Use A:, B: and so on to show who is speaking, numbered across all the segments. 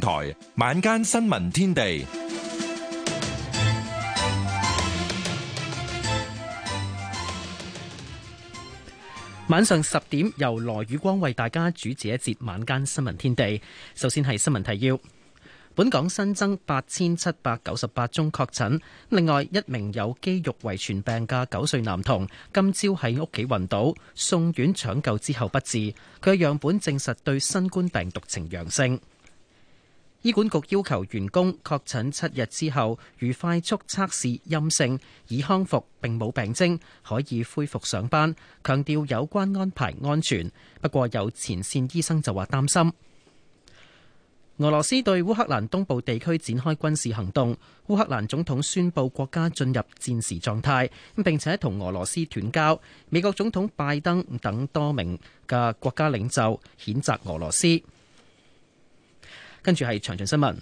A: 台晚間新
B: 聞天地，晚上十點由羅宇光為大家主持一節晚間新聞天地。首先係新聞提要：本港新增八千七百九十八宗確診，另外一名有肌肉遺傳病嘅九歲男童今朝喺屋企暈倒，送院搶救之後不治，佢嘅樣本證實對新冠病毒呈陽性。醫管局要求員工確診七日之後，如快速測試陰性、已康復並冇病徵，可以恢復上班。強調有關安排安全。不過有前線醫生就話擔心。俄羅斯對烏克蘭東部地區展開軍事行動，烏克蘭總統宣布國家進入戰時狀態，並且同俄羅斯斷交。美國總統拜登等多名嘅國家領袖譴責俄羅斯。跟住係詳盡新聞。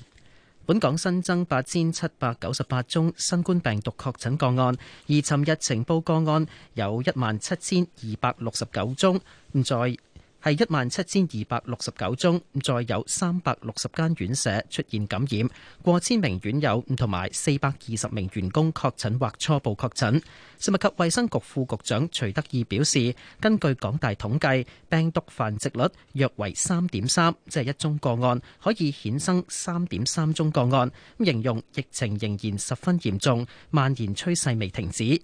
B: 本港新增八千七百九十八宗新冠病毒確診個案，而尋日呈報個案有一萬七千二百六十九宗。咁在係一萬七千二百六十九宗，再有三百六十間院舍出現感染，過千名院友，同埋四百二十名員工確診或初步確診。食物及衛生局副局長徐德義表示，根據港大統計，病毒繁殖率約為三點三，即係一宗個案可以衍生三點三宗個案。咁形容疫情仍然十分嚴重，蔓延趨勢未停止。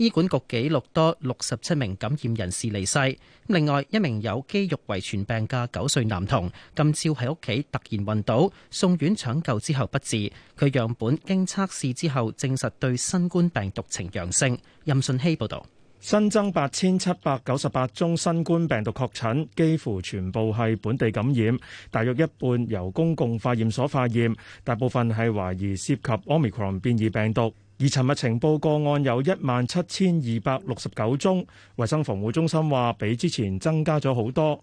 B: 醫管局記錄多六十七名感染人士離世。另外一名有肌肉遺傳病嘅九歲男童，今朝喺屋企突然暈倒，送院搶救之後不治。佢樣本經測試之後，證實對新冠病毒呈陽性。任信希報導，新增八千七百九十八宗新冠病毒確診，幾
C: 乎全部係本地感染，大約一半由公共化驗所化驗，大部分係懷疑涉及 Omicron 變異病毒。而尋日情報個案有一萬七千二百六十九宗，衞生防護中心話比之前增加咗好多。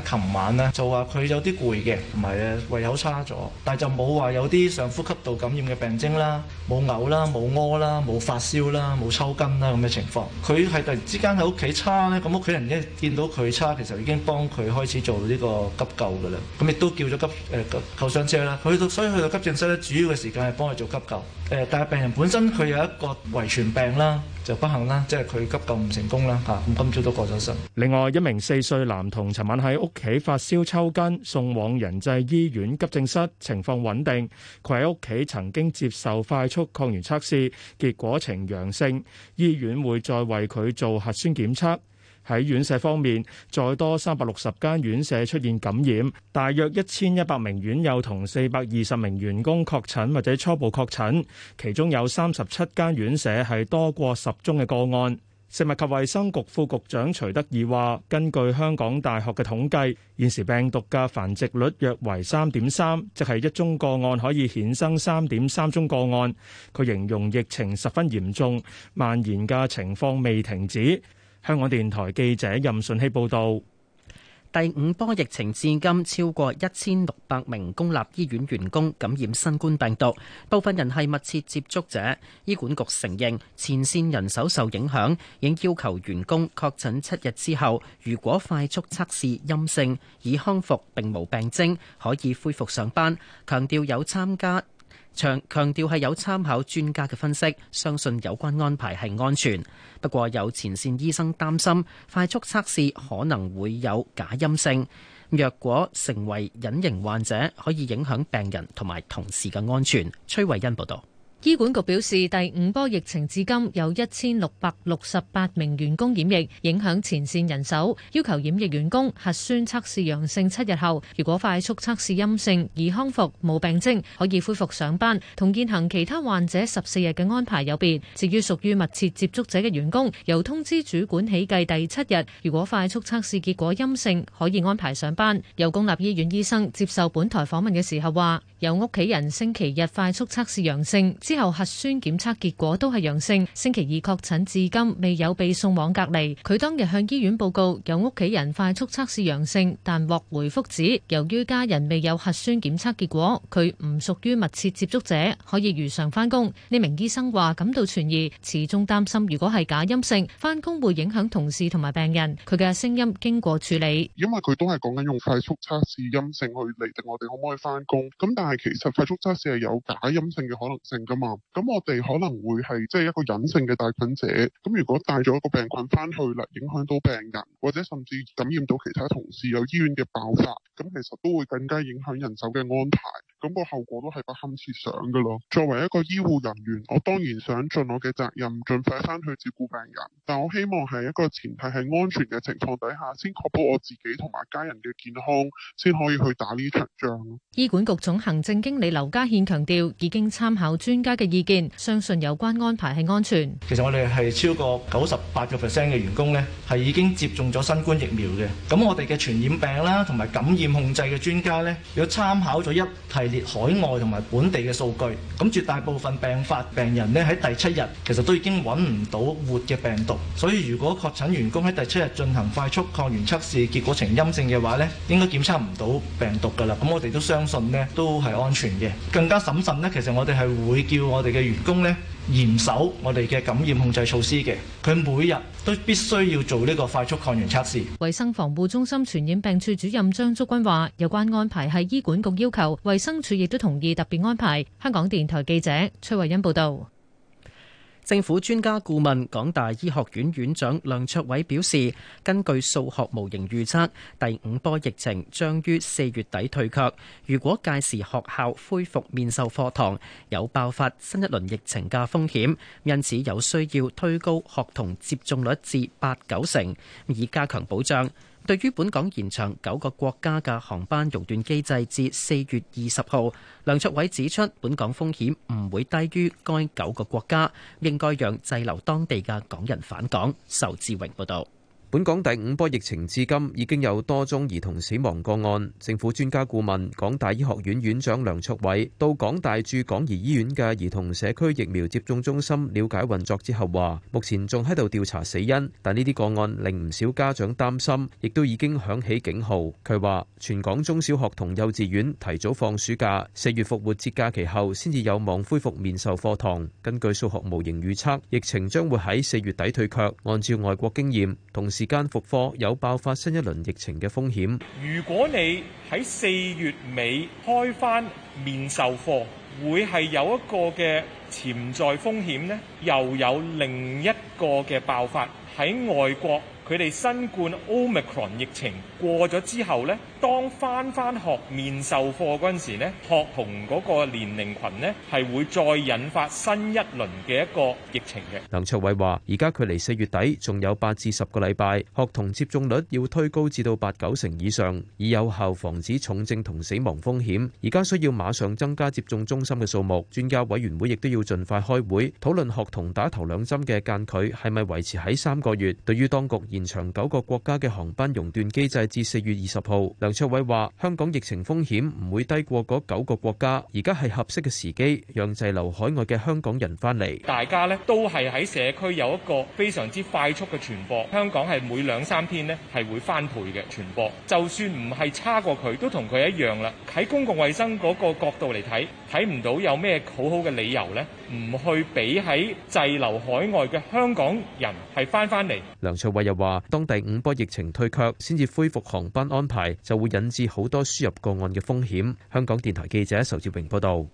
C: 琴晚咧就話佢有啲攰嘅，唔係呀，胃口差咗，但係就冇話有啲
D: 上呼吸道感染嘅病徵啦，冇嘔啦，冇屙啦，冇發燒啦，冇抽筋啦咁嘅情況。佢係突然之間喺屋企差咧，咁屋企人一見到佢差，其實已經幫佢開始做呢個急救噶啦，咁亦都叫咗急誒、呃、救護車啦。去到所以去到急症室咧，主要嘅時間係幫佢做急救。誒、呃，但係病人本身佢有一個遺傳病啦。就不幸
C: 啦，即係佢急救唔成功啦，吓，咁今朝都過咗身。另外一名四歲男童，尋晚喺屋企發燒抽筋，送往仁濟醫院急症室，情況穩定。佢喺屋企曾經接受快速抗原測試，結果呈陽性，醫院會再為佢做核酸檢測。喺院舍方面，再多三百六十間院舍出現感染，大約一千一百名院友同四百二十名員工確診或者初步確診，其中有三十七間院舍係多過十宗嘅個案。食物及衛生局副局長徐德義話，根據香港大學嘅統計，現時病毒嘅繁殖率約為三點三，即係一宗個案可以衍生三點三宗個案。佢形容疫情十分嚴重，蔓延嘅情
B: 況未停止。香港電台記者任順希報道，第五波疫情至今超過一千六百名公立醫院員工感染新冠病毒，部分人係密切接觸者。醫管局承認前綫人手受影響，已要求員工確診七日之後，如果快速測試陰性，已康復並無病徵，可以恢復上班。強調有參加。強強調係有參考專家嘅分析，相信有關安排係安全。不過有前線醫生擔心，快速測試可能會有假陰性，若果成為隱形患者，可以影響病人同埋同事嘅安全。崔慧欣報道。
E: 醫管局表示，第五波疫情至今有一千六百六十八名員工染疫，影響前線人手。要求染疫員工核酸測試陽性七日後，如果快速測試陰性已康復，冇病徵，可以恢復上班，同現行其他患者十四日嘅安排有別。至於屬於密切接觸者嘅員工，由通知主管起計第七日，如果快速測試結果陰性，可以安排上班。有公立醫院醫生接受本台訪問嘅時候話：有屋企人星期日快速測試陽性之後，核酸檢測結果都係陽性。星期二確診至今，未有被送往隔離。佢當日向醫院報告有屋企人快速測試陽性，但獲回覆指，由於家人未有核酸檢測結果，佢唔屬於密切接觸者，可以如常翻工。呢名醫生話感到存疑，始終擔心如果係假陰性，翻工會影響同事同埋病人。佢嘅聲音經過處理，
F: 因為佢都係講緊用快速測試陰性去釐定我哋可唔可以翻工。咁但係，其實快速測試係有假陰性嘅可能性㗎嘛。咁我哋可能會係即係一個隱性嘅帶菌者。咁如果帶咗一個病菌翻去啦，影響到病人，或者甚至感染到其他同事，有醫院嘅爆發，咁其實都會更加影響人手嘅安排。咁個後果都係不堪設想㗎咯。作為一個醫護人員，我當然想盡我嘅責任，盡快翻去照顧病人。但我希望係一個前提係安全嘅情況底下，先確保我自己同埋家人嘅健康，先可以去打呢場仗。
E: 醫管局總行政經理劉家憲強調，已經參考專家嘅意見，相信有關安排係安全。
D: 其實我哋係超過九十八個 percent 嘅員工呢，係已經接種咗新冠疫苗嘅。咁我哋嘅傳染病啦，同埋感染控制嘅專家呢，如果參考咗一係列海外同埋本地嘅數據，咁絕大部分病發病人呢，喺第七日，其實都已經揾唔到活嘅病毒，所以如果確診員工喺第七日進行快速抗原測試結果呈陰性嘅話，呢應該檢測唔到病毒㗎啦。咁我哋都相信呢都係安全嘅，更加審慎呢，其實，我哋係會叫我哋嘅員工呢。嚴守我哋嘅感染控制措施嘅，佢每日都必須要做呢個快速抗原測試。
E: 衛生防護中心傳染病處主任張竹君話，有關安排係醫管局要求，衛生署亦都同意特別安排。香港電台記者崔慧欣報道。
B: 政府專家顧問、港大醫學院院長梁卓偉表示，根據數學模型預測，第五波疫情將於四月底退卻。如果屆時學校恢復面授課堂，有爆發新一輪疫情嘅風險，因此有需要推高學童接種率至八九成，以加強保障。對於本港延長九個國家嘅航班熔斷機制至四月二十號，梁卓偉指出，本港風險唔會低於該九個國家，應該讓滯留當地嘅港人返港。仇志榮報道。本港第五波疫情至今已經有多宗兒童
G: 死亡個案，政府專家顧問、港大醫學院院長梁卓偉到港大駐港兒醫院嘅兒童社區疫苗接種中心了解運作之後話：目前仲喺度調查死因，但呢啲個案令唔少家長擔心，亦都已經響起警號。佢話：全港中小學同幼稚園提早放暑假，四月復活節假期後先至有望恢復面授課堂。根據數學模型預測，疫情將會喺四月底退卻。按照外國經驗，同時時間復課有爆發新一輪疫情嘅風險。
C: 如果你喺四月尾開返面授課，會係有一個嘅潛在風險呢，又有另一個嘅爆發喺外國，佢哋新冠 Omicron 疫情。過咗之後呢，當返返學面授課嗰陣時咧，學童嗰個年齡群呢，係會再引發新一輪嘅一個疫情嘅。
G: 梁卓偉話：而家距離四月底仲有八至十個禮拜，學童接種率要推高至到八九成以上，以有效防止重症同死亡風險。而家需要馬上增加接種中心嘅數目，專家委員會亦都要盡快開會討論學童打頭兩針嘅間距係咪維持喺三個月。對於當局延長九個國家嘅航班熔斷機制。至四月二十號，梁卓偉話：香港疫情風險唔會低過嗰九個國家，而家係合適嘅時機，讓滯留海外嘅香港人翻嚟。
C: 大家咧都係喺社區有一個非常之快速嘅傳播，香港係每兩三天呢係會翻倍嘅傳播，就算唔係差過佢，都同佢一樣啦。喺公共衛生嗰個角度嚟睇，睇唔到有咩好好嘅理由呢。唔去俾喺滯留海外嘅香港人係翻翻嚟。
G: 梁卓偉又話，當第五波疫情退卻先至恢復航班安排，
B: 就會引致好多輸入個案嘅風險。香港電台記者仇志榮報道。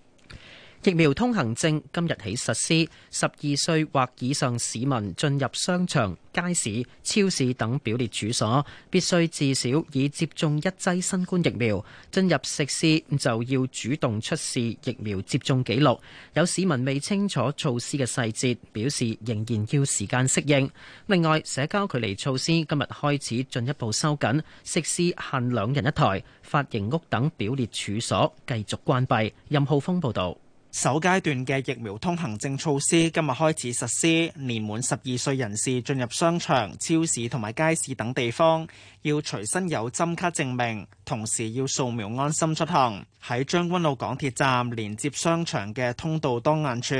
B: 疫苗通行證今日起實施，十二歲或以上市民進入商場、街市、超市等表列處所，必須至少已接種一劑新冠疫苗。進入食肆就要主動出示疫苗接種記錄。有市民未清楚措施嘅細節，表示仍然要時間適應。另外，社交距離措施今日開始進一步收緊，食肆限兩人一台，髮型屋等表列處所繼續關閉。任浩峰報導。
H: 首階段嘅疫苗通行證措施今日開始實施，年滿十二歲人士進入商場超市同埋街市等地方，要隨身有針卡證明，同時要掃描安心出行。喺將軍澳港鐵站連接商場嘅通道當眼處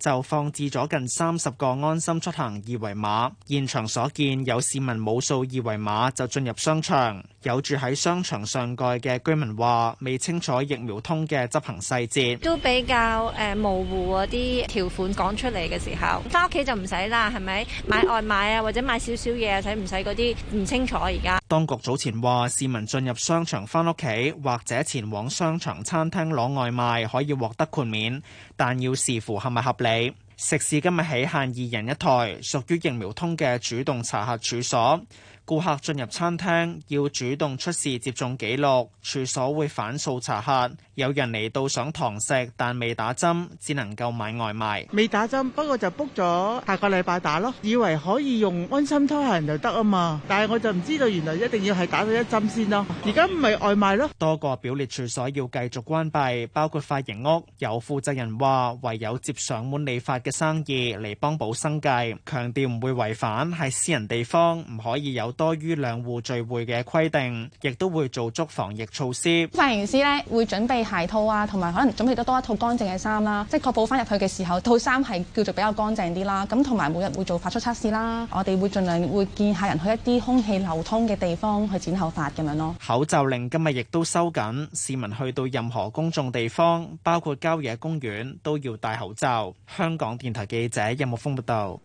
H: 就放置咗近三十個安心出行二維碼，現場所見有市民冇掃二維碼就進入商場，有住喺商場上蓋嘅居民話未清楚疫苗通嘅執行細節。
E: 都比較。有模糊嗰啲條款講出嚟嘅時候，翻屋企就唔使啦，係咪買外賣啊，或者買少少嘢啊，使唔使嗰啲唔清楚。而家
H: 當局早前話，市民進入商場、翻屋企或者前往商場、餐廳攞外賣，可以獲得豁免，但要視乎係咪合理。食肆今日起限二人一枱，屬於疫苗通嘅主動查核處所。顧客進入餐廳要主動出示接種記錄，處所會反掃查核。有人嚟到想堂食，但未打針，只能夠買外賣。未打針，不過就 book 咗下個禮拜打咯，以為可以用安心出行就得啊嘛。但係我就唔知道，原來一定要係打咗一針先咯。而家唔係外賣咯。多個表列處所要繼續關閉，包括髮型屋。有負責人話：唯有接上門理髮嘅生意嚟幫補生計，強調唔會違反，係私人地方，唔可以有。多於兩戶聚會嘅規定，亦都會做足防疫措施。髮
I: 型師咧會準備鞋套啊，同埋可能準備得多一套乾淨嘅衫啦，即係確保翻入去嘅時候，套衫係叫做比較乾淨啲啦。咁同埋每日會做發出測試啦。我哋會盡量會見客人去一啲空氣流通嘅地方去剪頭髮咁樣咯。
H: 口罩令今日亦都收緊，市民去到任何公眾地方，包括郊野公園，
B: 都要戴口罩。香港電台記者任木峰報道。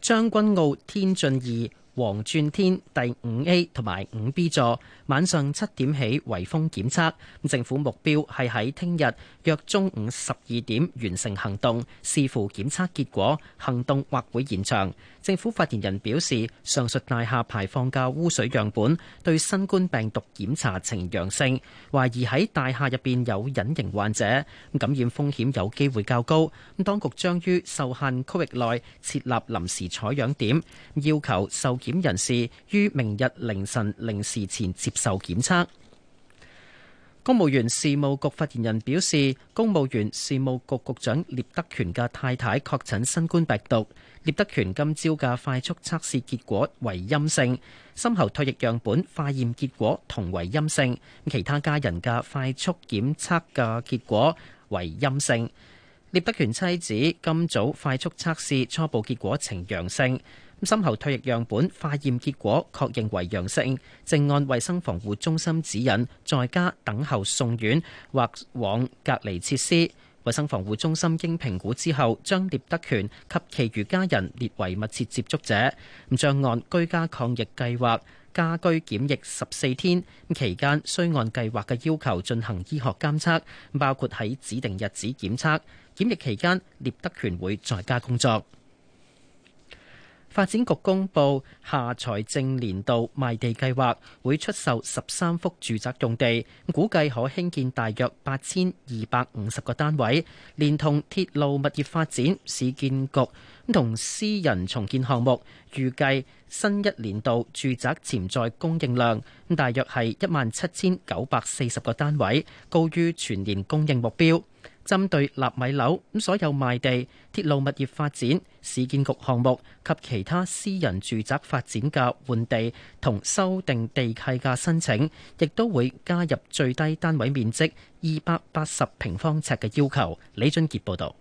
B: 將軍澳天俊怡。黃鑽天第五 A 同埋五 B 座，晚上七點起圍封檢測。政府目標係喺聽日約中午十二點完成行動，視乎檢測結果，行動或會延長。政府發言人表示，上述大廈排放嘅污水樣本對新冠病毒檢查呈陽性，懷疑喺大廈入邊有隱形患者，感染風險有機會較高。咁，當局將於受限區域內設立臨時採樣點，要求受檢人士於明日凌晨零時前接受檢測。公務員事務局發言人表示，公務員事務局局長聶德權嘅太太確診新冠病毒。聶德權今朝嘅快速測試結果為陰性，深喉唾液樣本化驗結果同為陰性。其他家人嘅快速檢測嘅結果為陰性。聶德權妻子今早快速測試初步結果呈陽性，咁深喉唾液樣本化驗結果確認為陽性，正按衛生防護中心指引在家等候送院或往隔離設施。衛生防護中心經評估之後，將聶德權及其餘家人列為密切接觸者，咁將按居家抗疫計劃家居檢疫十四天，期間需按計劃嘅要求進行醫學監測，包括喺指定日子檢測。檢疫期間，聶德權會在家工作。發展局公布下財政年度賣地計劃，會出售十三幅住宅用地，估計可興建大約八千二百五十個單位。連同鐵路物業發展、市建局同私人重建項目，預計新一年度住宅潛在供應量大約係一萬七千九百四十個單位，高於全年供應目標。針對納米樓，咁所有賣地、鐵路物業發展、市建局項目及其他私人住宅發展嘅換地同修訂地契嘅申請，亦都會加入最低單位面積二百八十平方尺嘅要求。
F: 李俊傑報導。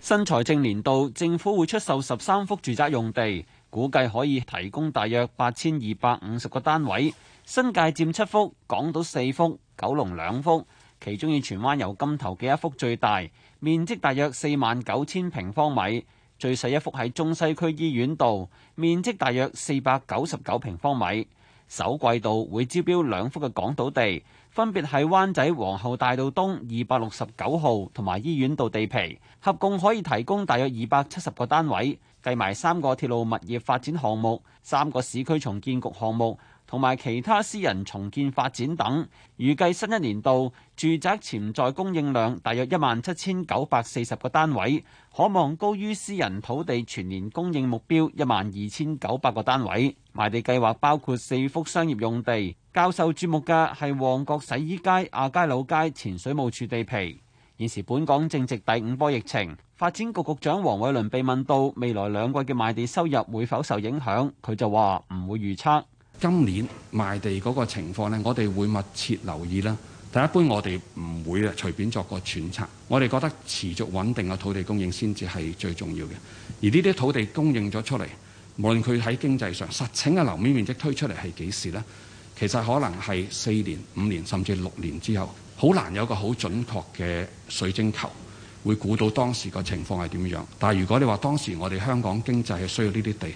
F: 新財政年度政府會出售十三幅住宅用地，估計可以提供大約八千二百五十個單位。新界佔七幅，港島四幅，九龍兩幅。其中以荃灣油柑頭嘅一幅最大，面積大約四萬九千平方米；最細一幅喺中西區醫院道，面積大約四百九十九平方米。首季度會招標兩幅嘅港島地，分別喺灣仔皇后大道東二百六十九號同埋醫院道地皮，合共可以提供大約二百七十個單位。計埋三個鐵路物業發展項目，三個市區重建局項目。同埋其他私人重建發展等，預計新一年度住宅潛在供應量大約一萬七千九百四十個單位，可望高於私人土地全年供應目標一萬二千九百個單位。賣地計劃包括四幅商業用地，較受注目嘅係旺角洗衣街亞皆老街前水務處地皮。現時本港正值第五波疫情，發展局局長黃偉倫被問到未來兩季嘅賣地收入會否受影響，佢就話唔會預測。今年賣地嗰個情況呢，我哋會密切留意啦。但一般我哋唔會啊，隨便作個揣測。我哋覺得持
C: 續穩定嘅土地供應先至係最重要嘅。而呢啲土地供應咗出嚟，無論佢喺經濟上實情嘅樓面面積推出嚟係幾時呢？其實可能係四年、五年甚至六年之後，好難有個好準確嘅水晶球會估到當時個情況係點樣。但係如果你話當時我哋香港經濟係需要呢啲地，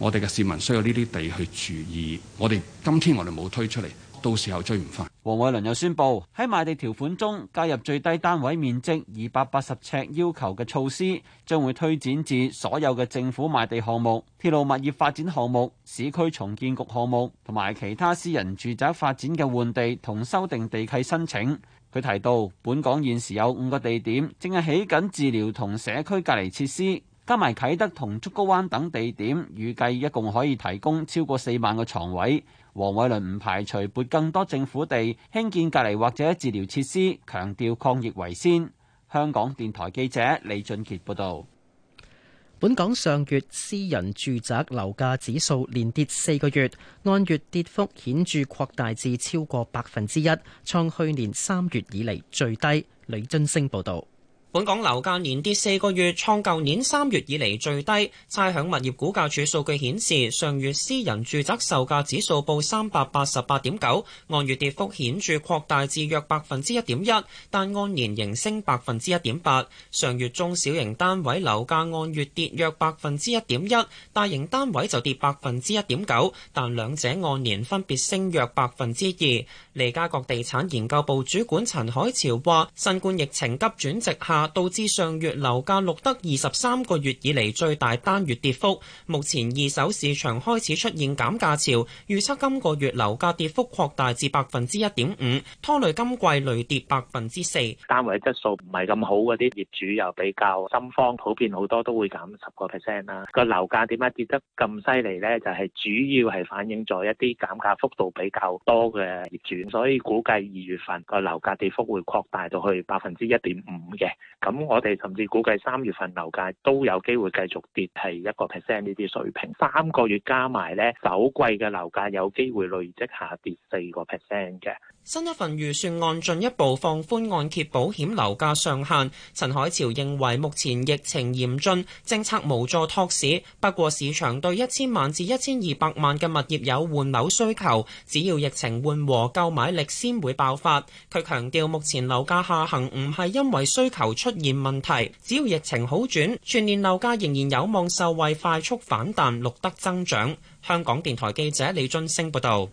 C: 我哋嘅市民需要呢啲地去注意，我哋今天我哋冇推出嚟，到時候追唔
F: 翻。黃偉綸又宣布喺賣地條款中加入最低單位面積二百八十尺要求嘅措施，將會推展至所有嘅政府賣地項目、鐵路物業發展項目、市區重建局項目同埋其他私人住宅發展嘅換地同修訂地契申請。佢提到，本港現時有五個地點正係起緊治療同社區隔離設施。加埋啟德同竹篙灣等地點，預計一共可以提供超過四萬個床位。黃偉倫唔排除撥更多政府地興建隔離或者治療設施，強調抗疫為先。香港電台記者李俊傑報道。
B: 本港上月私人住宅樓價指數連跌四個月，按月跌幅顯著擴大至超過百分之一，創去年三月以嚟最低。李晉升報導。
J: 本港樓價連跌四個月，創舊年三月以嚟最低。差餉物業估價署數據顯示，上月私人住宅售價指數報三百八十八點九，按月跌幅顯著擴大至約百分之一點一，但按年仍升百分之一點八。上月中小型單位樓價按月跌約百分之一點一，大型單位就跌百分之一點九，但兩者按年分別升約百分之二。地加國地產研究部主管陳海潮話，新冠疫情急轉直下，導致上月樓價錄得二十三個月以嚟，最大單月跌幅。目前二手市場開始出現減價潮，預測今個月樓價跌幅擴大至百分之一點五，拖累今季累跌百分之四。
C: 單位質素唔係咁好，嗰啲業主又比較心慌，普遍好多都會減十個 percent 啦。個樓價點解跌得咁犀利呢？就係、是、主要係反映咗一啲減價幅度比較多嘅業主。所以估計二月份個樓價跌幅會擴大到去百分之一點五嘅。咁我哋甚至估計三月份樓價都有機會繼續跌，係一個 percent 呢啲水平。三個月加埋呢，首季嘅樓價有機會累積下跌四個 percent 嘅。
J: 新一份預算案進一步放寬按揭保險樓價上限。陳海潮認為目前疫情嚴峻，政策無助托市，不過市場對一千萬至一千二百萬嘅物業有換樓需求，只要疫情緩和夠，買力先會爆發，佢強調目前樓價下行唔係因為需求出現問題，只要疫情好轉，全年樓價仍然有望受惠快速反彈，錄得增長。香港電台記者李俊升報道：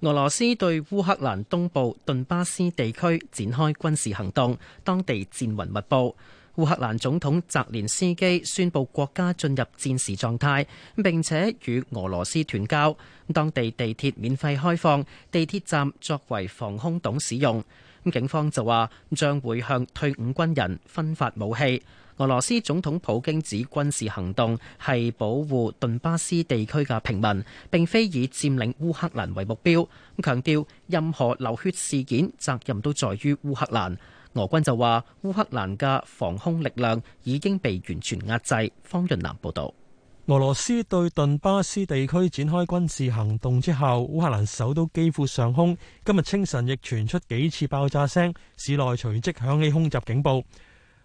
B: 俄羅斯對烏克蘭東部頓巴斯地區展開軍事行動，當地戰雲密佈。烏克蘭總統澤連斯基宣布國家進入戰時狀態，並且與俄羅斯斷交。當地地鐵免費開放，地鐵站作為防空洞使用。咁警方就話，將會向退伍軍人分發武器。俄羅斯總統普京指軍事行動係保護頓巴斯地區嘅平民，並非以佔領烏克蘭為目標。咁強調，任何流血事件責任都在於烏克蘭。俄軍就話，烏克蘭嘅防空力量已經被完全壓制。方潤南報道，俄羅斯對
A: 頓巴斯地區展開軍事行動之後，烏克蘭首都基輔上空今日清晨亦傳出幾次爆炸聲，市內隨即響起空襲警報。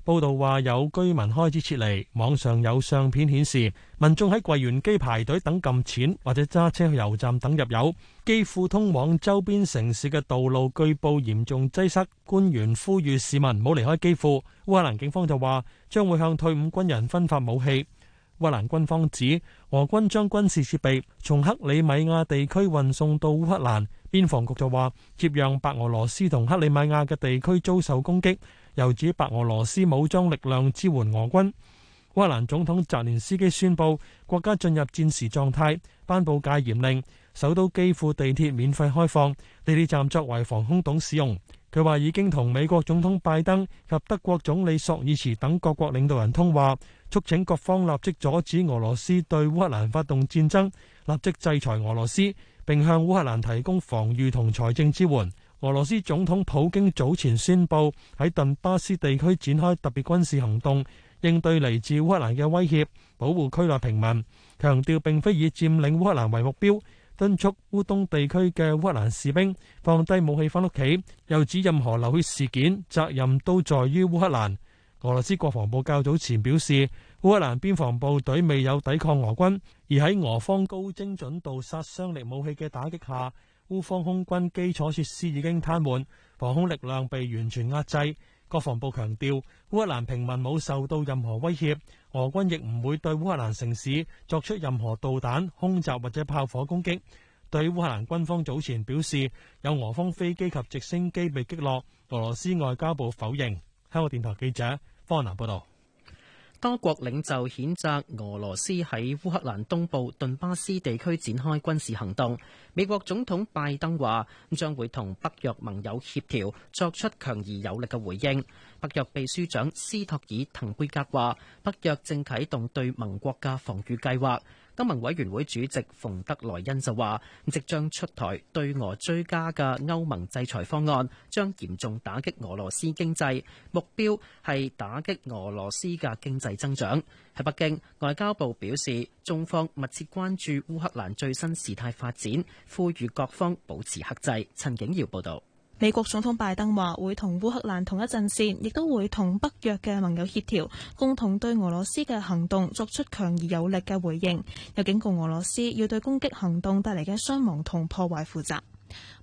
A: 報道話有居民開始撤離，網上有相片顯示民眾喺櫃員機排隊等撳錢，或者揸車去油站等入油。基輔通往周邊城市嘅道路據報嚴重擠塞，官員呼籲市民唔好離開基輔。烏克蘭警方就話將會向退伍軍人分發武器。烏克蘭軍方指俄軍將軍事設備從克里米亞地區運送到烏克蘭。邊防局就話接壤白俄羅斯同克里米亞嘅地區遭受攻擊。又指白俄羅斯武裝力量支援俄軍。烏克蘭總統澤連斯基宣布國家進入戰時狀態，頒布戒嚴令，首都基輔地鐵免費開放，地鐵站作為防空洞使用。佢話已經同美國總統拜登及德國總理索爾茨等各國領導人通話，促請各方立即阻止俄羅斯對烏克蘭發動戰爭，立即制裁俄羅斯，並向烏克蘭提供防禦同財政支援。俄羅斯總統普京早前宣布喺頓巴斯地區展開特別軍事行動，應對嚟自烏克蘭嘅威脅，保護區內平民，強調並非以佔領烏克蘭為目標，敦促烏東地區嘅烏克蘭士兵放低武器翻屋企，又指任何流血事件責任都在於烏克蘭。俄羅斯國防部較早前表示，烏克蘭邊防部隊未有抵抗俄軍，而喺俄方高精準度殺傷力武器嘅打擊下。烏方空軍基礎設施已經癱瘓，防空力量被完全壓制。國防部強調，烏克蘭平民冇受到任何威脅，俄軍亦唔會對烏克蘭城市作出任何導彈、空襲或者炮火攻擊。對烏克蘭軍方早前表示，有俄方飛機及直升機被擊落，俄羅斯外交部否認。香港電台記者
B: 方南報道。多國領袖譴責俄羅斯喺烏克蘭東部頓巴斯地區展開軍事行動。美國總統拜登話將會同北約盟友協調，作出強而有力嘅回應。北約秘書長斯托爾滕貝格話：北約正啟動對盟國家防禦計劃。歐盟委員會主席馮德萊恩就話，即將出台對俄追加嘅歐盟制裁方案，將嚴重打擊俄羅斯經濟，目標係打擊俄羅斯嘅經濟增長。喺北京，外交部表示，中方密切關注烏克蘭最新事態發展，呼籲各方保持克制。陳景耀報導。
I: 美國總統拜登話會同烏克蘭同一陣線，亦都會同北約嘅盟友協調，共同對俄羅斯嘅行動作出強而有力嘅回應，又警告俄羅斯要對攻擊行動帶嚟嘅傷亡同破壞負責。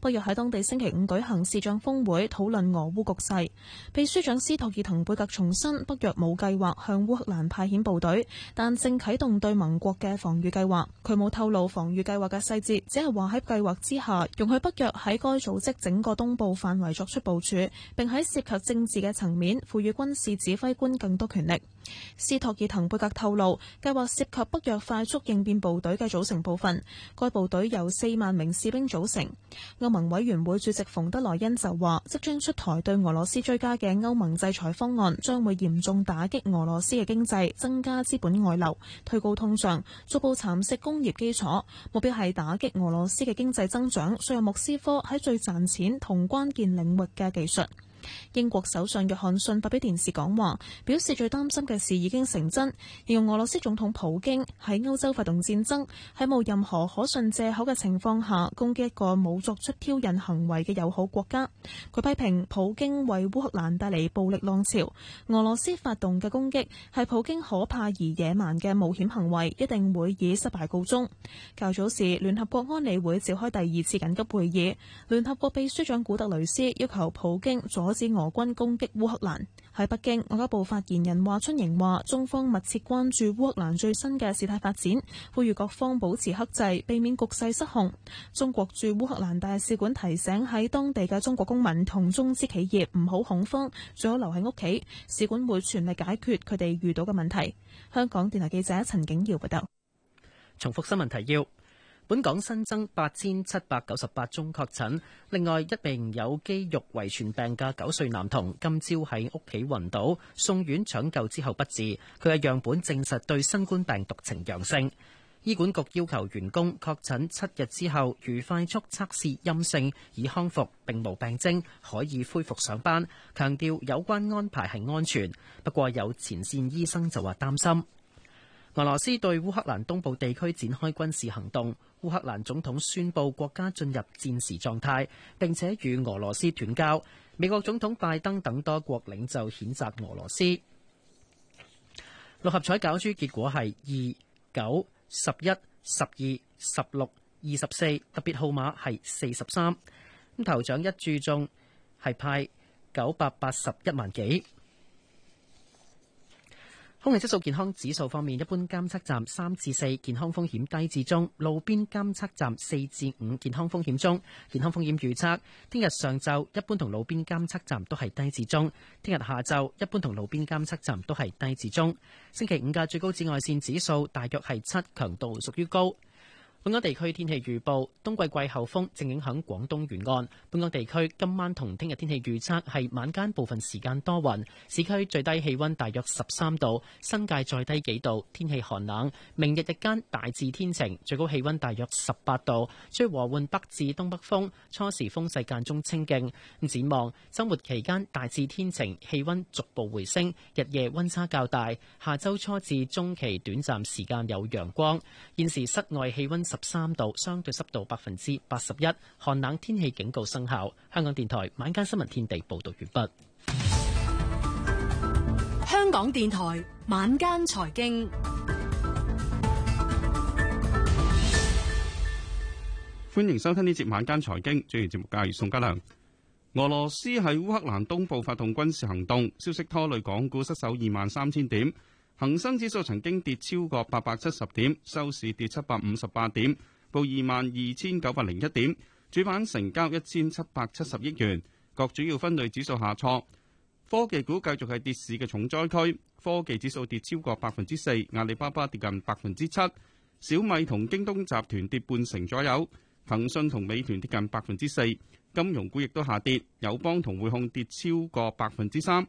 I: 北約喺當地星期五舉行視像峰會，討論俄烏局勢。秘書長斯托爾滕貝格重申，北約冇計劃向烏克蘭派遣部隊，但正啟動對盟國嘅防禦計劃。佢冇透露防禦計劃嘅細節，只係話喺計劃之下，容許北約喺該組織整個東部範圍作出部署，並喺涉及政治嘅層面賦予軍事指揮官更多權力。斯托爾滕貝格透露，計劃涉及北約快速應變部隊嘅組成部分，該部隊由四萬名士兵組成。歐盟委員會主席馮德萊恩就話，即將出台對俄羅斯追加嘅歐盟制裁方案，將會嚴重打擊俄羅斯嘅經濟，增加資本外流，推高通脹，逐步蠶食工業基礎。目標係打擊俄羅斯嘅經濟增長，削弱莫斯科喺最賺錢同關鍵領域嘅技術。英國首相約翰遜發表電視講話，表示最擔心嘅事已經成真，形容俄羅斯總統普京喺歐洲發動戰爭，喺冇任何可信借口嘅情況下攻擊一個冇作出挑釁行為嘅友好國家。佢批評普京為烏克蘭帶嚟暴力浪潮，俄羅斯發動嘅攻擊係普京可怕而野蠻嘅冒險行為，一定會以失敗告終。較早時，聯合國安理會召開第二次緊急會議，聯合國秘書長古特雷斯要求普京阻。指俄軍攻擊烏克蘭。喺北京，外交部發言人華春瑩話：中方密切關注烏克蘭最新嘅事態發展，呼籲各方保持克制，避免局勢失控。中國駐烏克蘭大使館提醒喺當地嘅中國公民同中資企業唔好恐慌，最好留喺屋企。使館會全力解決佢哋遇到嘅問題。香港電台記者陳景瑤報道。
B: 重複新聞提要。本港新增八千七百九十八宗確診，另外一名有肌肉遺傳病嘅九歲男童今朝喺屋企暈倒，送院搶救之後不治，佢嘅樣本證實對新冠病毒呈陽性。醫管局要求員工確診七日之後如快速測試陰性，以康復並無病徵可以恢復上班。強調有關安排係安全，不過有前線醫生就話擔心。俄羅斯對烏克蘭東部地區展開軍事行動，烏克蘭總統宣布國家進入戰時狀態，並且與俄羅斯斷交。美國總統拜登等多國領袖譴責俄羅斯。六合彩攪珠結果係二九十一十二十六二十四，24，特別號碼係四十三。咁頭獎一注中係派九百八十一萬幾。空氣質素健康指數方面，一般監測站三至四，健康風險低至中；路邊監測站四至五，健康風險中。健康風險預測：聽日上晝一般同路邊監測站都係低至中；聽日下晝一般同路邊監測站都係低至中。星期五嘅最高紫外綫指數大約係七，強度屬於高。本港地區天氣預報：冬季季候風正影響廣東沿岸。本港地區今晚同聽日天氣預測係晚間部分時間多雲，市區最低氣溫大約十三度，新界再低幾度，天氣寒冷。明日日間大致天晴，最高氣溫大約十八度，吹和緩北至東北風，初時風勢間中清勁。展望週末期間大致天晴，氣溫逐步回升，日夜溫差較大。下週初至中期短暫時間有陽光。現時室外氣溫。十三度，相對濕度百分之八十一，寒冷天氣警告生效。香港電台晚間新聞天地報道完畢。
E: 香港電台晚間財經，
K: 歡迎收聽呢節晚間財經，主持節目嘅係宋家良。俄羅斯喺烏克蘭東部發動軍事行動，消息拖累港股失守二萬三千點。恒生指數曾經跌超過八百七十點，收市跌七百五十八點，報二萬二千九百零一點，主板成交一千七百七十億元。各主要分類指數下挫，科技股繼續係跌市嘅重災區，科技指數跌超過百分之四，阿里巴巴跌近百分之七，小米同京東集團跌半成左右，騰訊同美團跌近百分之四，金融股亦都下跌，友邦同匯控跌超過百分之三。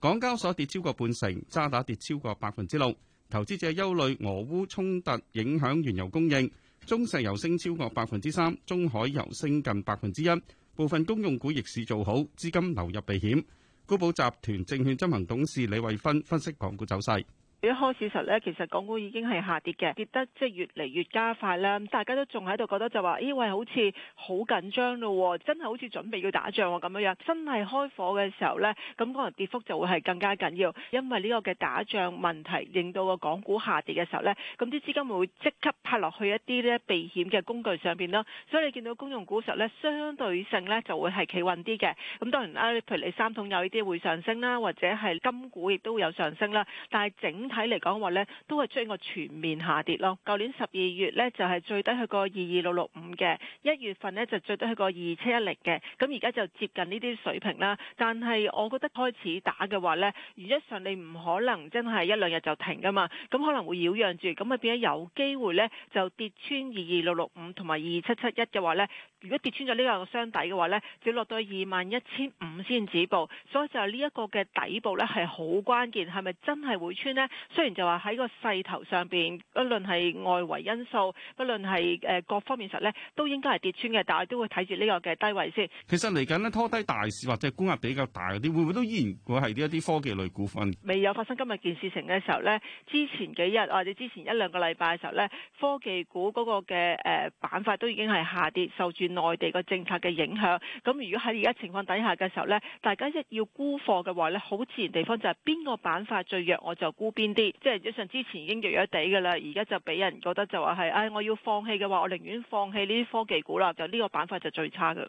K: 港交所跌超過半成，渣打跌超過百分之六。投資者憂慮俄烏衝突影響原油供應，中石油升超過百分之三，中海油升近百分之一。部分公用股逆市做好，資金流入避險。高寶集團證券執行董事李慧芬分析港股走勢。
L: 一開始時候咧，其實港股已經係下跌嘅，跌得即係越嚟越加快啦。大家都仲喺度覺得就話，咦、哎、喂，好似好緊張咯，真係好似準備要打仗喎咁樣樣。真係開火嘅時候咧，咁可能跌幅就會係更加緊要，因為呢個嘅打仗問題令到個港股下跌嘅時候咧，咁啲資金會即刻拍落去一啲咧避險嘅工具上邊啦。所以你見到公用股實咧，相對性咧就會係企穩啲嘅。咁當然啦，譬如你三桶油呢啲會上升啦，或者係金股亦都會有上升啦，但係整。睇嚟講話呢，都係將個全面下跌咯。舊年十二月呢，就係、是、最低去個二二六六五嘅，一月份呢，就最低去個二七一零嘅。咁而家就接近呢啲水平啦。但係我覺得開始打嘅話呢，原則上你唔可能真係一兩日就停噶嘛。咁可能會擾攘住，咁啊變咗有機會呢，就跌穿二二六六五同埋二七七一嘅話呢。如果跌穿咗呢兩個箱底嘅話呢，就要落到二萬一千五先止步。所以就呢一個嘅底部呢，係好關鍵，係咪真係會穿呢？雖然就話喺個勢頭上邊，不論係外圍因素，不論係誒各方面實呢，都應該係跌穿嘅。但係都會睇住呢個嘅低位先。
K: 其實嚟緊呢，拖低大市或者沽額比較大嗰啲，會唔會都依然會係呢一啲科技類股份？
L: 未有發生今日件事情嘅時候呢，之前幾日或者之前一兩個禮拜嘅時候呢，科技股嗰個嘅誒板塊都已經係下跌，受住內地個政策嘅影響。咁如果喺而家情況底下嘅時候呢，大家一要沽貨嘅話咧，好自然地方就係邊個板塊最弱我就沽邊。即係一上之前已經弱咗地噶啦，而家就俾人覺得就話係，哎，我要放棄嘅話，我寧願放棄呢啲科技股啦。就呢個板塊就最差㗎。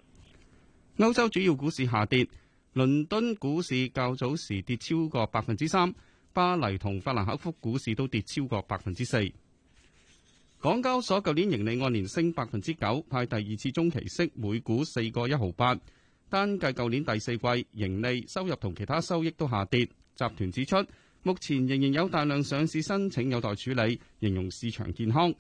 K: 歐洲主要股市下跌，倫敦股市較早時跌超過百分之三，巴黎同法蘭克福股市都跌超過百分之四。港交所舊年盈利按年升百分之九，派第二次中期息，每股四個一毫八，單計舊年第四季，盈利收入同其他收益都下跌。集團指出。目前仍然有大量上市申請有待處理，形容市場健康。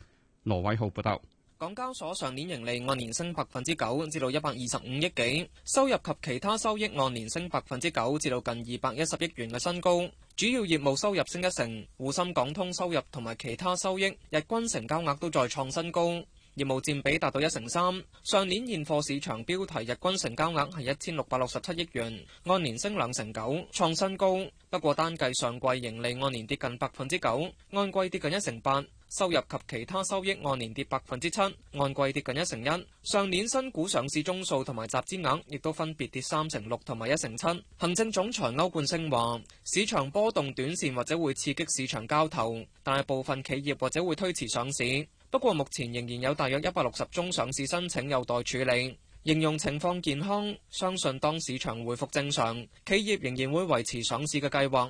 K: 羅偉浩報道，
M: 港交所上年盈利按年升百分之九，至到一百二十五億幾，收入及其他收益按年升百分之九，至到近二百一十億元嘅新高。主要業務收入升一成，滬深港通收入同埋其他收益日均成交額都再創新高。業務佔比達到一成三。上年現貨市場標題日均成交額係一千六百六十七億元，按年升兩成九，創新高。不過單計上季盈利按年跌近百分之九，按季跌近一成八；收入及其他收益按年跌百分之七，按季跌近一成一。上年新股上市宗數同埋集資額亦都分別跌三成六同埋一成七。行政總裁歐冠昇話：市場波動短線或者會刺激市場交投，但係部分企業或者會推遲上市。不過目前仍然有大約一百六十宗上市申請有待處理，應用情況健康，相信當市場回復正常，企業仍然會維持上市嘅計
F: 劃。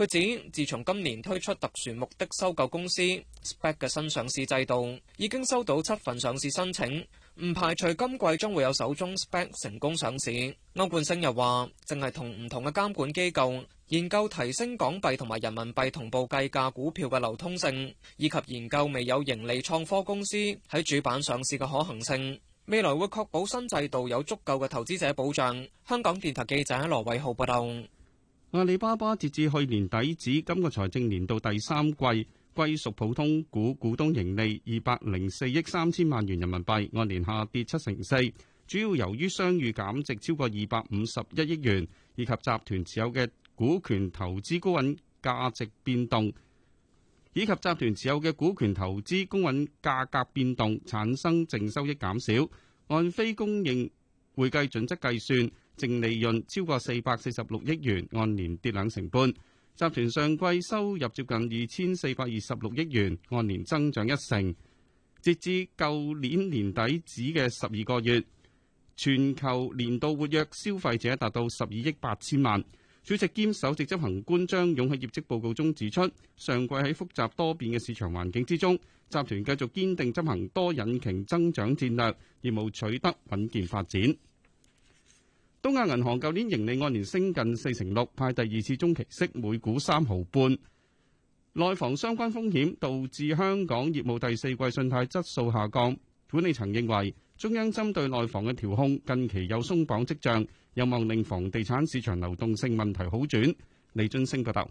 M: 佢指，自從今年推出特殊目的收購公司 SPAC 嘅新上市制度，已經收到七份上市申請，唔排除今季將會有首宗 SPAC 成功上市。歐冠星又話，淨係同唔同嘅監管機構研究提升港幣同埋人民幣同步計價股票嘅流通性，以及研究未有盈利創科公司喺主板上市嘅可行性。未來會確保新制度有足夠嘅投資者保障。香港電台記者羅偉浩報道。
K: 阿里巴巴截至去年底止，今個財政年度第三季歸屬普通股股東盈利二百零四億三千萬元人民幣，按年下跌七成四，主要由於商譽減值超過二百五十一億元，以及集團持有嘅股權投資公允價值變動，以及集團持有嘅股權投資公允價格變動產生淨收益減少，按非公認會計準則計算。淨利潤超過四百四十六億元，按年跌兩成半。集團上季收入接近二千四百二十六億元，按年增長一成。截至舊年年底止嘅十二個月，全球年度活躍消費者達到十二億八千萬。主席兼首席執行官張勇喺業績報告中指出，上季喺複雜多變嘅市場環境之中，集團繼續堅定執行多引擎增長戰略，業務取得穩健發展。東亞銀行舊年盈利按年升近四成六，派第二次中期息每股三毫半。內房相關風險導致香港業務第四季信貸質素下降。管理層認為中央針對內房嘅調控近期有鬆綁跡象，有望令房地產市場流動性問題好轉。李津升報道。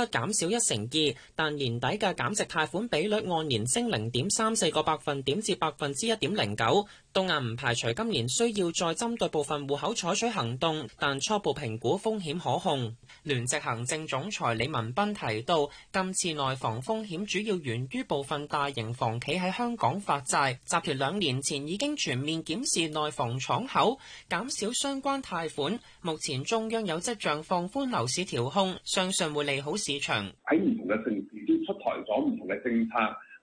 J: 減少一成二，但年底嘅減值貸款比率按年升零點三四個百分點至百分之一點零九。東亞唔排除今年需要再針對部分戶口採取行動，但初步評估風險可控。聯席行政總裁李文斌提到，今次內房風險主要源於部分大型房企喺香港發債，集團兩年前已經全面檢視內房敞口，減少相關貸款。目前中央有跡象放寬樓市調控，相信會利好市場。
A: 喺唔同嘅政時都出台咗唔同嘅政策。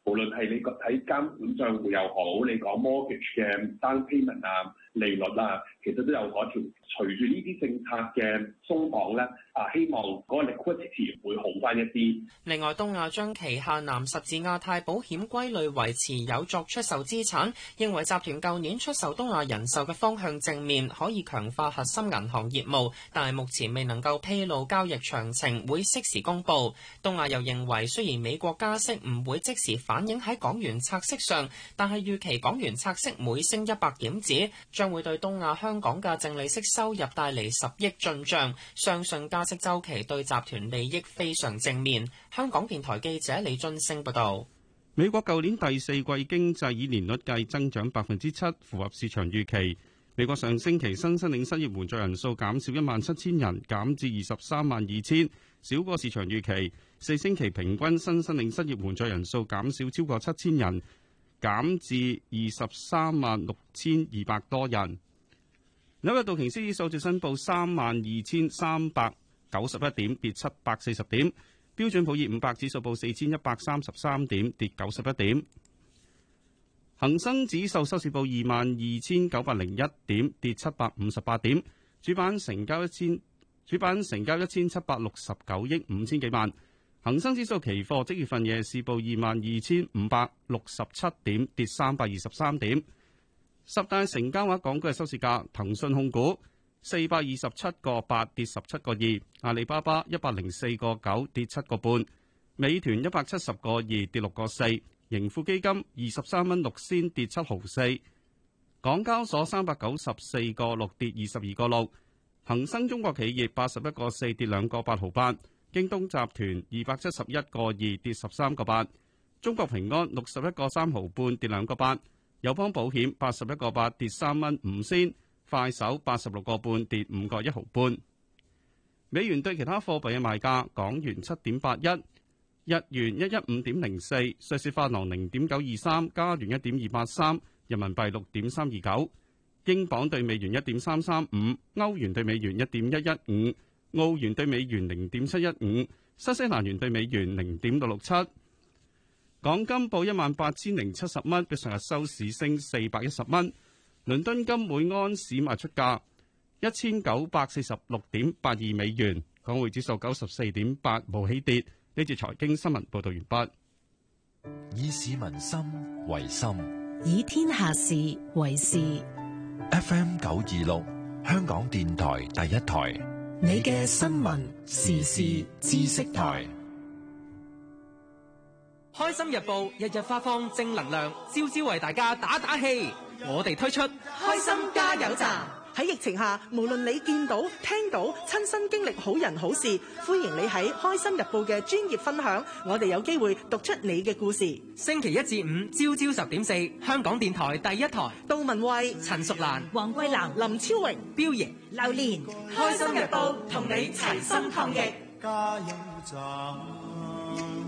A: 無論係你個體監管賬戶又好，你講 mortgage 嘅 down payment 啊，利率啊。其實都有嗰條，隨住呢啲政策嘅鬆綁呢啊，希望嗰個 liquidity 會好翻一
J: 啲。另外，東亞將旗下南十字亞太保險歸類為持有作出售資產，認為集團舊年出售東亞人壽嘅方向正面，可以強化核心銀行業務。但係目前未能夠披露交易詳情，會適時公佈。東亞又認為，雖然美國加息唔會即時反映喺港元拆息上，但係預期港元拆息每升一百點子，將會對東亞香。香港嘅淨利息收入帶嚟十億進賬，相信加息周期對集團利益非常正面。香港電台記者李俊升報道。
K: 美國舊年第四季經濟以年率計增長百分之七，符合市場預期。美國上星期新申領失業援助人數減少一萬七千人，減至二十三萬二千，少過市場預期。四星期平均新申領失業援助人數減少超過七千人，減至二十三萬六千二百多人。紐約道瓊斯指數升報三萬二千三百九十一點，跌七百四十點；標準普爾五百指數報四千一百三十三點，跌九十一點；恒生指數收市報二萬二千九百零一點，跌七百五十八點；主板成交一千主板成交一千七百六十九億五千幾萬；恒生指數期貨即月份夜市報二萬二千五百六十七點，跌三百二十三點。十大成交額港股嘅收市價：騰訊控股四百二十七個八跌十七個二，阿里巴巴一百零四個九跌七個半，美團一百七十個二跌六個四，盈富基金二十三蚊六仙跌七毫四，港交所三百九十四個六跌二十二個六，恒生中國企業八十一個四跌兩個八毫八，京東集團二百七十一個二跌十三個八，中國平安六十一個三毫半跌兩個八。友邦保險八十一個八跌三蚊五仙，快手八十六個半跌五個一毫半。美元對其他貨幣嘅賣價：港元七點八一，日元一一五點零四，瑞士法郎零點九二三，加元一點二八三，人民幣六點三二九，英鎊對美元一點三三五，歐元對美元一點一一五，澳元對美元零點七一五，新西蘭元對美元零點六六七。港金報一萬八千零七十蚊，比上日收市升四百一十蚊。倫敦金每盎司賣出價一千九百四十六點八二美元。港匯指數九十四點八，無起跌。呢節財經新聞報道完畢。
E: 以市民心為心，以天下事為事。F.M. 九
A: 二六，香港電台第一台，
E: 你嘅新聞時事
A: 知識台。
G: 開心日報日日發放
J: 正能量，朝朝為大家打打氣。我哋推出開心加油站。
L: 喺疫情下，無論你見到、聽到、親身經歷好人好事，歡迎你喺開心日報嘅專業分享。我哋有機會讀出你嘅故事。星期一至
J: 五朝朝十點四，香港電台第一台。杜文慧、陳淑蘭、黃桂蘭、南
B: 林超榮、標形爺、榴蓮年，開心日報同你齊心抗疫，
D: 加油站。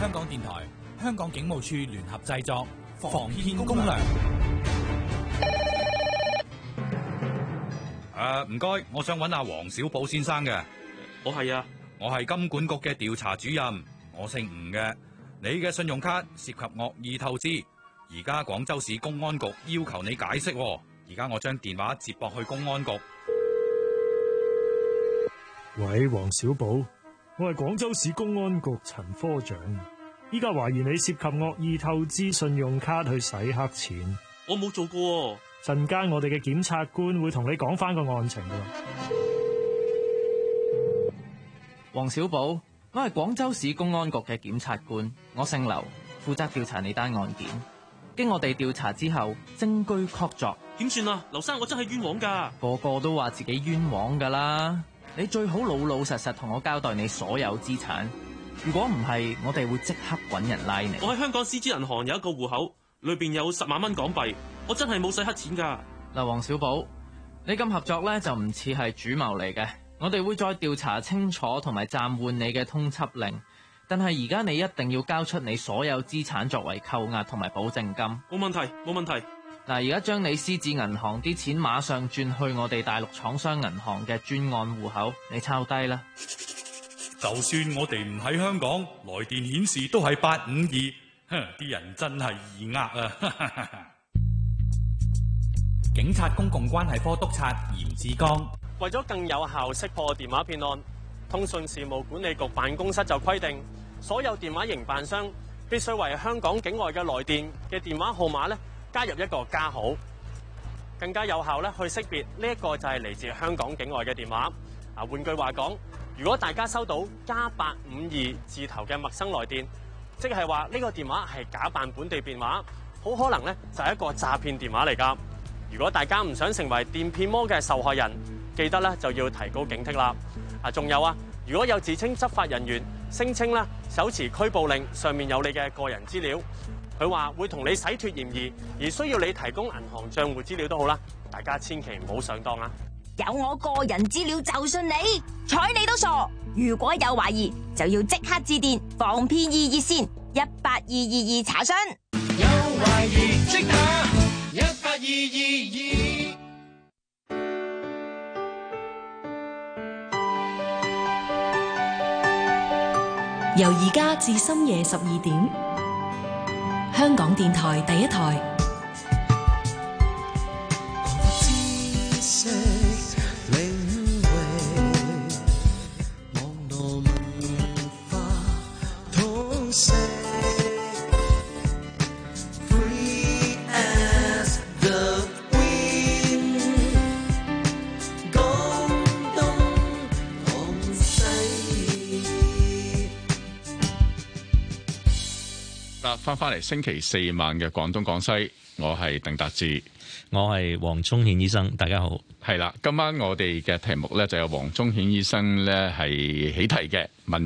A: 香港電台、香港警務處聯合製作《防騙攻略》。誒、呃，唔該，我想揾阿黃小寶先生嘅。我係、哦、啊，我係金管局嘅調查主任，我姓吳嘅。你嘅信用卡涉及惡意透支，而家廣州市公安局要求你解釋。而家我將電話接駁去公安局。
C: 喂，黃小寶。我係廣州市公安局陳科長，依家懷疑你涉及惡意透支信用卡去洗黑錢。
A: 我冇做過。
C: 陣間我哋嘅檢察官會同你講翻個案情㗎。
B: 黃小寶，我係廣州市公安局嘅檢察官，我姓劉，負責調查你單案件。經我哋調查之後，證據確鑿。點算啊？劉生，我真係冤枉噶。個個都話自己冤枉噶啦。你最好老老實實同我交代你所有資產，如果唔係，我哋會即刻揾人拉你。
A: 我喺香港獅子銀行有一個戶
G: 口，裏邊有十萬蚊港幣，我真係冇使黑錢噶。嗱，黃小寶，
B: 你咁合作呢，就唔似係主謀嚟嘅，我哋會再調查清楚同埋暫緩你嘅通緝令，但係而家你一定要交出你所有資產作為扣押同埋保證金。冇問題，冇問題。嗱，而家將你獅子銀行啲錢馬上轉去我哋大陸廠商銀行嘅專案戶口，你抄低啦。就
A: 算我哋唔喺香港，來電顯示都係八五二，哼，啲人真係易呃啊！哈哈哈哈。警察公共關係科督察嚴志剛，為咗更有效識破電話騙案，通訊事務管理局辦公室就規定，所有電話營辦商必須為香港境外嘅來電嘅電話號碼呢。加入一個加號，更加有效咧，去識別呢一個就係嚟自香港境外嘅電話。啊，換句話講，如果大家收到加八五二字頭嘅陌生來電，即係話呢個電話係假扮本地電話，好可能咧就係一個詐騙電話嚟㗎。如果大家唔想成為電騙魔嘅受害人，記得咧就要提高警惕啦。啊，仲有啊，如果有自稱執法人員，聲稱咧手持拘捕令，上面有你嘅個人資料。佢話會同你洗脫嫌疑，而需要你提供銀行賬戶資料都好啦，大家千祈唔好上
B: 當啊！有我個人資料就信你，睬你都傻。如果有懷疑，就要即刻致電防騙易熱線一八二二二查詢。有懷疑即打一八二二二。
E: 由而家至深夜十二點。香港電台第一台。
K: 翻翻嚟星期四晚嘅廣東廣西，我係鄧達智，我係黃忠顯醫生，大家好。
L: 係啦，今晚我哋嘅題目咧就有黃忠顯醫生咧係起題嘅問。